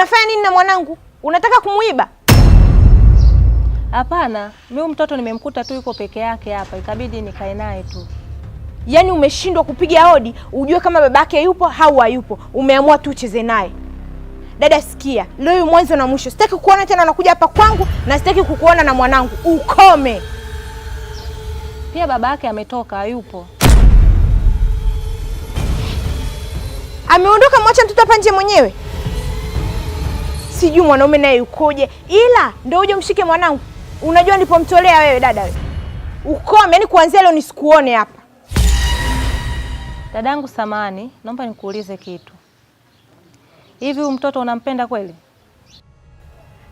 Unafanya nini na mwanangu? Unataka kumuiba? Hapana, mimi mtoto nimemkuta tu yuko peke yake hapa, ikabidi nikae naye tu. Yaani umeshindwa kupiga hodi ujue kama babake yupo au hayupo, umeamua tu ucheze naye. Dada sikia, leo mwanzo na mwisho, sitaki kukuona tena unakuja hapa kwangu na sitaki kukuona na mwanangu, ukome. Pia babake ametoka, hayupo, ameondoka. Mwacha mtoto hapa nje mwenyewe sijui mwanaume naye yukoje, ila ndio uje mshike mwanangu. Unajua nilipomtolea wewe dada, we ukome, yani kuanzia leo nisikuone hapa. Dadangu samani, naomba nikuulize kitu. Hivi huyu mtoto unampenda kweli?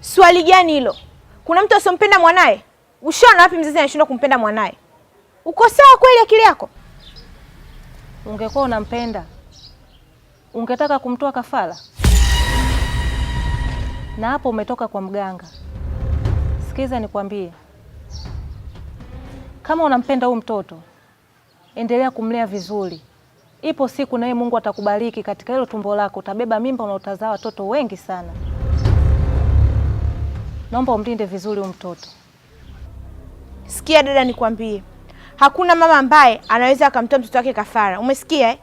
Swali gani hilo? Kuna mtu asiompenda mwanaye? Ushaona wapi mzazi anashindwa kumpenda mwanaye? Uko sawa kweli akili yako? Ungekuwa unampenda, ungetaka kumtoa kafara? na hapo umetoka kwa mganga. Sikiza nikwambie, kama unampenda huyu mtoto endelea kumlea vizuri. Ipo siku naye Mungu atakubariki katika hilo tumbo lako, utabeba mimba na utazaa watoto wengi sana. Naomba umlinde vizuri huyu mtoto. Sikia dada, nikwambie, hakuna mama ambaye anaweza akamtoa mtoto wake kafara, umesikia eh?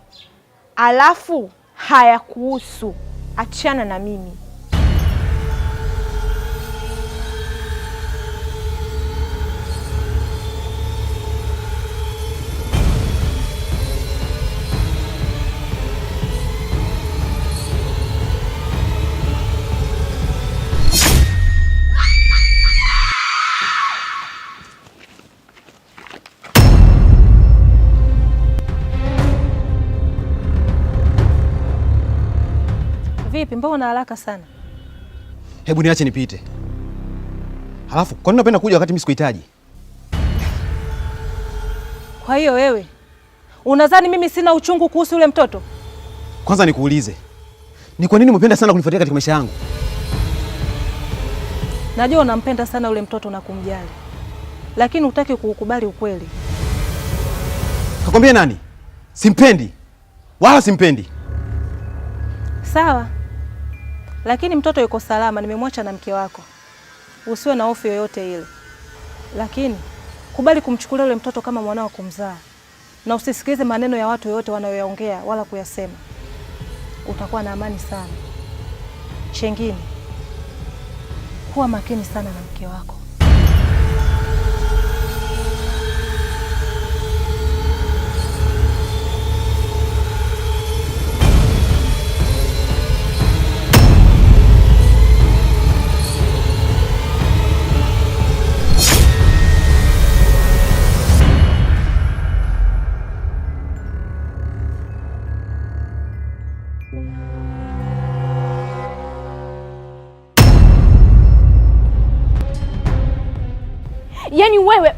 Alafu hayakuhusu, achana na mimi. wapi? Mbona haraka sana? Hebu niache nipite. Halafu kwa nini unapenda kuja wakati mimi sikuhitaji? Kwa hiyo wewe unadhani mimi sina uchungu kuhusu yule mtoto? Kwanza nikuulize, ni kwa nini umependa sana kunifuatilia katika maisha yangu? Najua unampenda sana yule mtoto na kumjali, lakini hutaki kuukubali ukweli. Kakwambia nani? Simpendi wala simpendi. Sawa lakini mtoto yuko salama, nimemwacha na mke wako, usiwe na hofu yoyote ile. Lakini kubali kumchukulia yule mtoto kama mwanao kumzaa, na usisikilize maneno ya watu yoyote wanayoyaongea wala kuyasema. Utakuwa na amani sana. Chengine, kuwa makini sana na mke wako.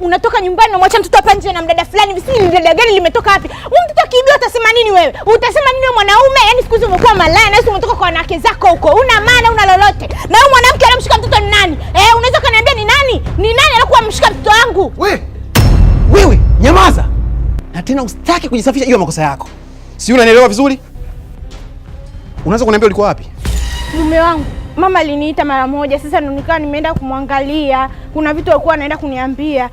unatoka nyumbani unamwacha mtoto hapa nje na mdada fulani, ni dada gani limetoka wapi? Huyu mtoto akiibiwa utasema nini wewe? Utasema nini wewe mwanaume? Yaani siku hizi umekuwa malaya na umetoka kwa wanawake zako huko. Una maana una lolote. Na huyu mwanamke anamshika mtoto ni nani? Eh, unaweza kaniambia ni nani? Ni nani alikuwa amemshika mtoto wangu? Wewe. Wewe nyamaza. Na tena usitaki kujisafisha hiyo makosa yako. Si unanielewa vizuri? Unaweza kuniambia ulikuwa wapi? Mume wangu. Mama aliniita mara moja, sasa nikawa nimeenda kumwangalia. Kuna vitu alikuwa anaenda kuniambia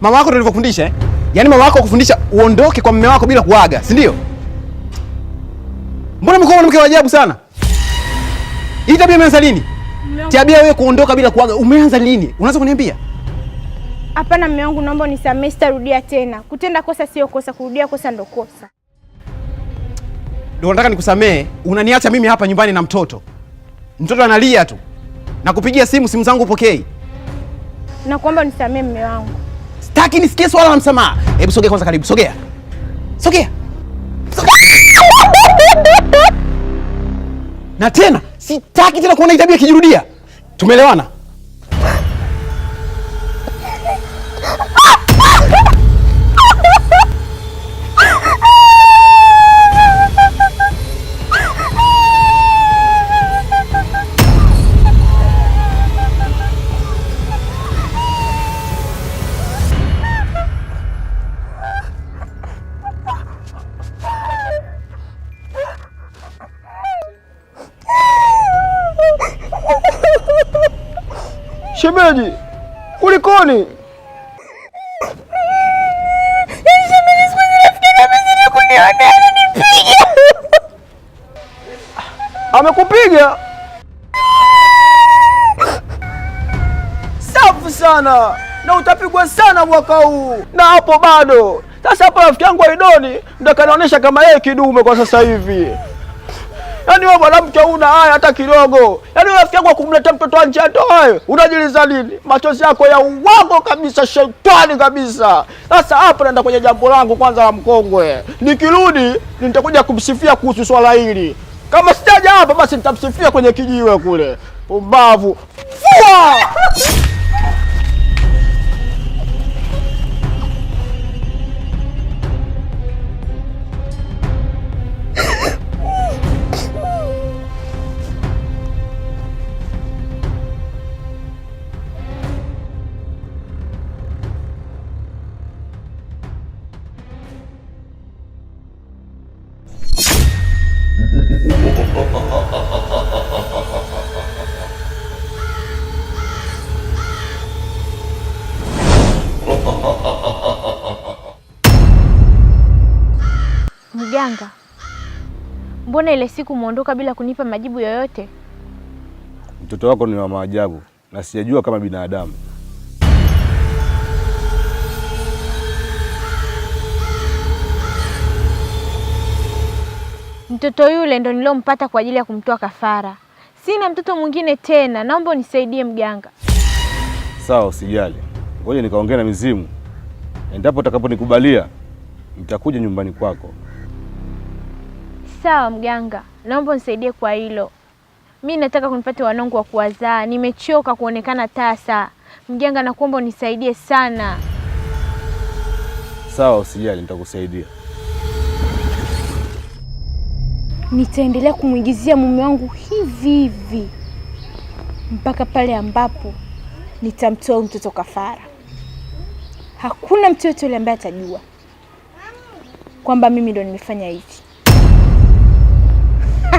mama wako tulivyofundisha eh? Yaani mama wako kufundisha uondoke kwa mume wako bila kuaga, si ndio? Mbona mko mwanamke wa ajabu sana? Hii tabia imeanza lini? Tabia wewe kuondoka bila kuaga umeanza lini? Unaweza kuniambia? Hapana, mume wangu, naomba unisamehe, sitarudia tena. Kutenda kosa sio kosa, kurudia kosa ndo kosa. Ndio nataka nikusamehe, unaniacha mimi hapa nyumbani na mtoto. Mtoto analia tu. Nakupigia simu, simu zangu upokei na kuomba unisamee mme wangu. Sitaki nisikie swala la msamaha. Hebu sogea kwanza, karibu. Sogea, sogea, sogea. Na tena sitaki tena kuona itabia tabia ikijirudia. Tumeelewana? Shemeji, kulikoni? Yaani Amekupiga? Safu sana na utapigwa sana mwaka huu na hapo bado. Sasa hapo rafiki yangu Aidoni ndo kanaonyesha kama yeye kidume kwa sasa hivi. Yaani wewe mwanamke una haya hata kidogo. Yaani wewe rafiki kumleta mtoto wa njata wewe. Unajiliza nini? Machozi yako ya uongo kabisa, shetani kabisa. Sasa hapa naenda kwenye jambo langu kwanza la mkongwe. Nikirudi nitakuja kumsifia kuhusu swala hili. Kama sijaja hapa basi nitamsifia kwenye kijiwe kule. Pumbavu. Fua! mbona ile siku muondoka bila kunipa majibu yoyote? Mtoto wako ni wa maajabu na sijajua kama binadamu. Mtoto yule ndo nilompata kwa ajili ya kumtoa kafara. Sina mtoto mwingine tena, naomba unisaidie mganga. Sawa, usijali, ngoja nikaongea na mizimu. Endapo utakaponikubalia, nitakuja nyumbani kwako Sawa mganga, naomba unisaidie kwa hilo. Mi nataka kunipate wanangu wa kuwazaa, nimechoka kuonekana tasa. Mganga, nakuomba unisaidie sana. Sawa, usijali, nitakusaidia. Nitaendelea kumwigizia mume wangu hivi hivi mpaka pale ambapo nitamtoa mtoto kafara. Hakuna mtu yote yule ambaye atajua kwamba mimi ndo nimefanya hivi.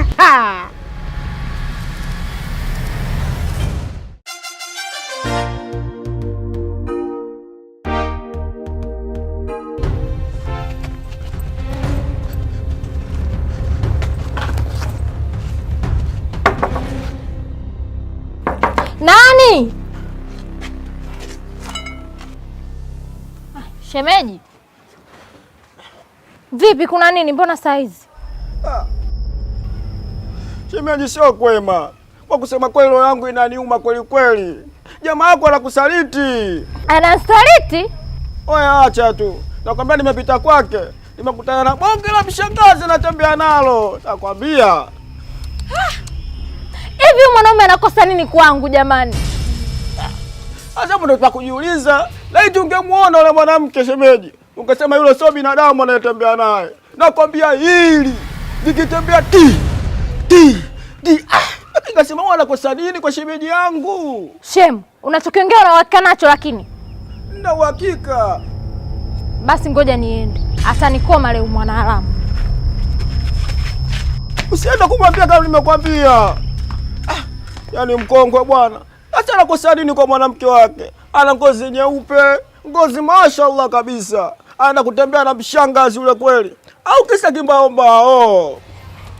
Nani? Ah, shemeji, vipi? Kuna nini? Mbona saizi? Ah, Shemeji sio kwema, kwa kusema kweli roho yangu inaniuma kweli kweli. Jamaa yako anakusaliti. Anasaliti? Oya, acha tu, nakwambia nimepita kwake, nimekutana na bonge la mshangazi natembea nalo, nakwambia. Ah! Hivi mwanaume anakosa nini kwangu jamani? Sasa ndo tutakujiuliza. Laiti ungemuona yule mwanamke shemeji, ungesema yule sio binadamu anayetembea naye. Nakwambia hili likitembea tii Ah, Nikasema wanakosa nini kwa shemeji yangu? Shem, unachokiongea una uhakika nacho? Lakini na uhakika. Basi ngoja niende, atanikoma leo haramu. Usienda kumwambia kama nimekwambia. Ah, yani mkongwe bwana. Hata anakosa nini kwa mwanamke wake? Ana ngozi nyeupe, ngozi mashaallah kabisa. Ana kutembea na mshangazi ule kweli. Au kisa kimbaombao.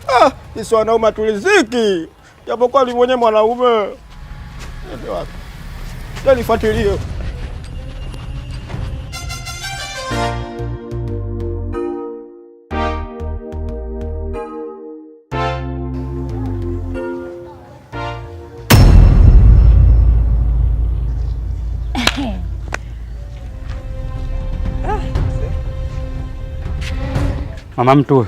Ah, sisi wanaume atuliziki japokuwa ni mwenye mwanaume. Yaani nifuatilie. Mama mtu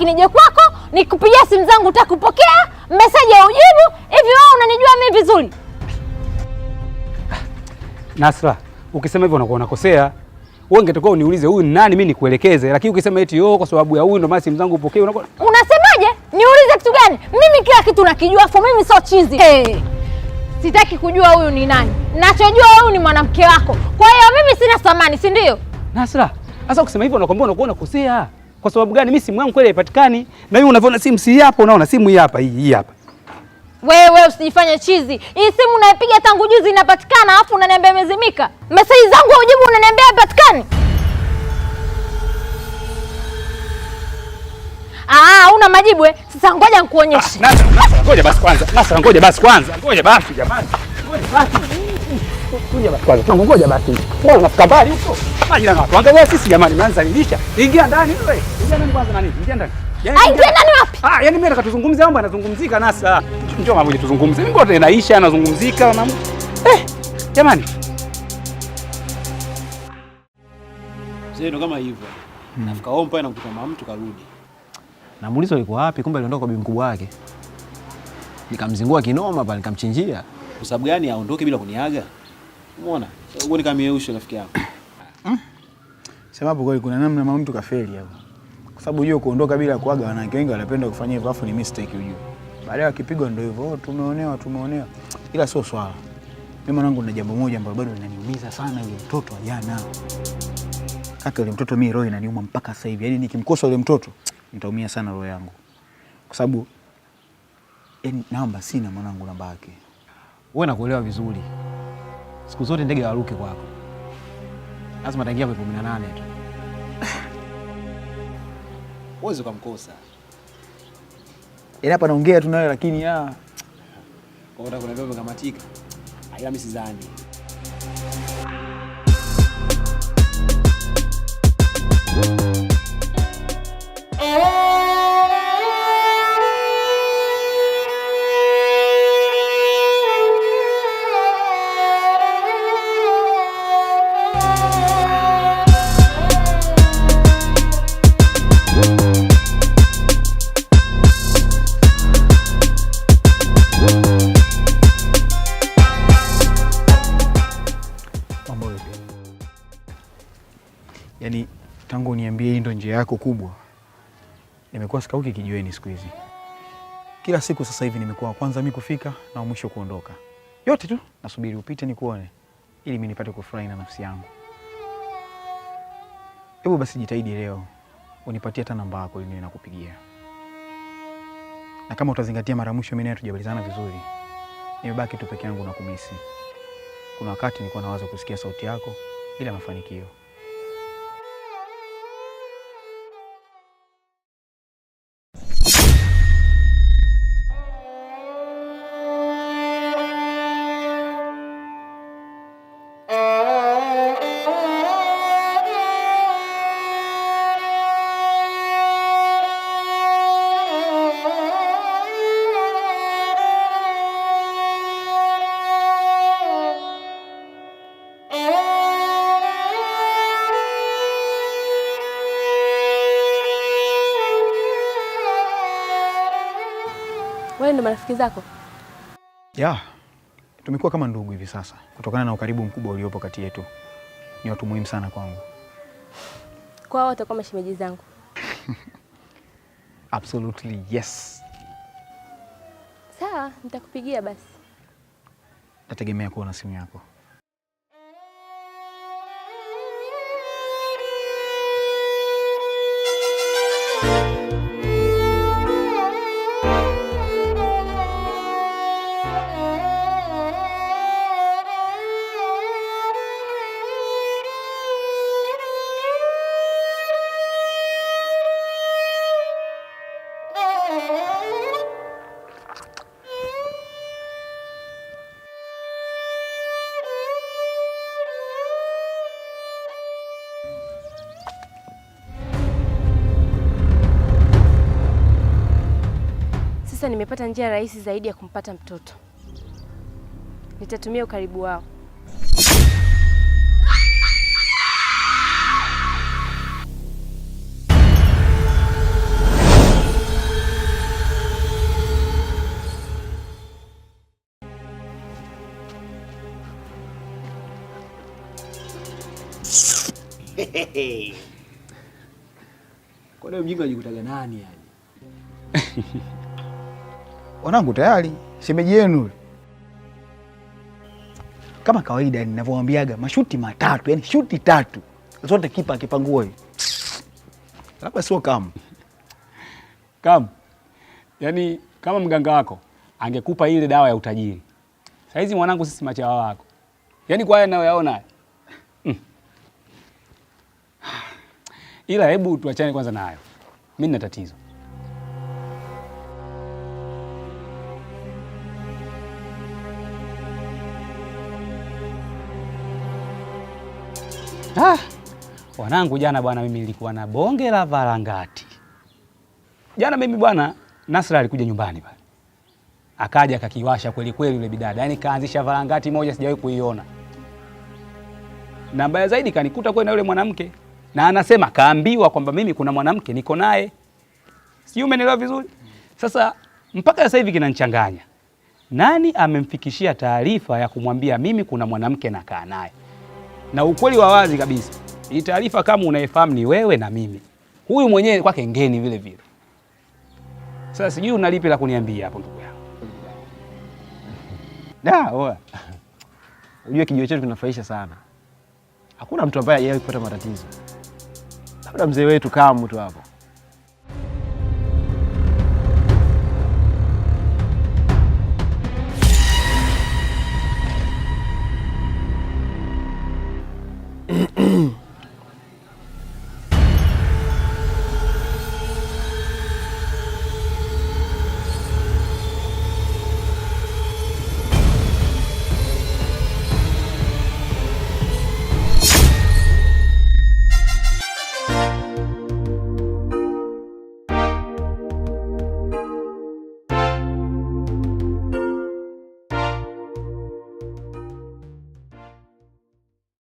unabaki nije kwako, nikupigia simu zangu utakupokea, meseji ya ujibu. Hivi wewe unanijua mimi vizuri? Nasra, ukisema hivyo unakuwa unakosea. Wewe ungetakiwa uniulize huyu ni nani, mimi nikuelekeze, lakini ukisema eti yo, oh, kwa sababu ya huyu ndo maana simu zangu upokee, unakuwa unasemaje? Niulize kitu gani? Mimi kila kitu nakijua, afu mimi sio chizi. Hey, sitaki kujua huyu ni nani, nachojua wewe ni mwanamke wako, kwa hiyo mimi sina thamani, si ndio? Nasra, sasa ukisema hivyo unakwambia unakuwa unakosea. Kwa sababu gani? Mimi simu yangu kweli haipatikani, na wewe unavyoona simu si hapa, unaona simu hii hapa, hii hapa. Wewe usijifanye chizi, hii simu unayopiga tangu juzi inapatikana, alafu unaniambia imezimika. Message zangu haujibu, unaniambia haipatikani. Ah, una majibu eh? Sasa ngoja nikuonyeshe. Ah, ngoja basi kwanza, ngoja basi kwanza, ngoja basi jamani, ngoja basi. Kuja basi kwanza, tunakungoja basi. Mbona unafika mbali huko? Maji na watu. Angalia sisi jamani, mnazalilisha. Ingia ndani wewe. Ingia ndani kwanza nani? Ingia ndani. Yaani Ai, ingia ndani wapi? Ah, yani mimi nataka tuzungumze mambo yanazungumzika nasa. Njoo mambo tuzungumze. Mimi ngoja inaisha yanazungumzika na Eh, jamani. Zeno kama hivyo. Hmm. Nafika home pale nakuta mama mtu karudi. Namuuliza yuko wapi, kumbe aliondoka kwa bibi mkubwa wake. Nikamzingua kinoma pale, nikamchinjia. Kwa sababu gani aondoke bila kuniaga? Umeona? Huo ni kamieusho rafiki yako. Hmm? Sema hapo kweli kuna namna mama mtu kafeli hapo. Kwa sababu hiyo kuondoka bila kuaga, wanawake wengi wanapenda kufanya hivyo, afu ni mistake hujui. Baadaye wakipigwa ndio hivyo, oh, tumeonewa, tumeonewa. Ila sio swala. Mimi mwanangu na jambo moja ambalo bado linaniumiza sana, yule mtoto wa jana. Kaka, yule mtoto mimi roho inaniuma mpaka sasa hivi. Yaani nikimkosa yule mtoto nitaumia sana roho yangu. Kwa sababu yaani sina mwanangu namba yake. Wewe nakuelewa vizuri siku zote ndege waruke kwako, lazima ataingia kwa kumi na nane tu, uwezi ukamkosa. Yaani hapa naongea tu naye, lakini ya ah. kamatika, ila mimi sidhani njia yako kubwa. Nimekuwa sikauki kijiweni siku hizi, kila siku sasa hivi nimekuwa kwanza mimi kufika na mwisho kuondoka. Yote tu nasubiri upite nikuone, ili mimi nipate kufurahi na nafsi yangu. Hebu basi jitahidi leo unipatie hata namba yako ili niwe nakupigia, na kama utazingatia, mara mwisho mimi naye tujabalizana vizuri, nimebaki tu peke yangu na kumisi. Kuna wakati nilikuwa nawaza kusikia sauti yako bila mafanikio. ni marafiki zako? Ya, tumekuwa kama ndugu hivi sasa, kutokana na ukaribu mkubwa uliopo kati yetu. Ni watu muhimu sana kwangu. Kwa hao watakuwa mashemeji zangu? Absolutely yes. Sawa, nitakupigia basi. Nategemea kuona simu yako. Sasa nimepata njia rahisi zaidi ya kumpata mtoto. Nitatumia ukaribu wao. Hey, Kwa leo mjinga unajikutaga nani yani? wanangu, tayari shemeji yenu kama kawaida ninavyowaambiaga mashuti matatu, yani shuti tatu zote kipa akipangua hii labda sio kam kam, yani kama mganga wako angekupa ile dawa ya utajiri. Saizi mwanangu, sisi machawa wako, yani kwa haya nayoyaona mm. Ila hebu tuachane kwanza nayo mi nina tatizo Ah, wanangu, jana bwana, mimi nilikuwa na bonge la varangati jana. Mimi bwana, Nasra alikuja nyumbani pale, akaja akakiwasha kweli kweli yule bidada, yaani kaanzisha varangati moja sijawahi kuiona, na mbaya zaidi kanikuta kweli na yule mwanamke, na anasema kaambiwa kwamba mimi kuna mwanamke niko naye, sijui umenielewa vizuri. Sasa mpaka sasa hivi kinanichanganya, nani amemfikishia taarifa ya kumwambia mimi kuna mwanamke nakaa naye? na ukweli wa wazi kabisa, Ni taarifa kama unayefahamu ni wewe na mimi, huyu mwenyewe kwake ngeni vile vile. Sasa sijui unalipi la kuniambia hapo, ndugu yangu. Da, oa. Unajua kijio chetu kinafaisha sana, hakuna mtu ambaye yeye kupata matatizo, labda mzee wetu kama mtu hapo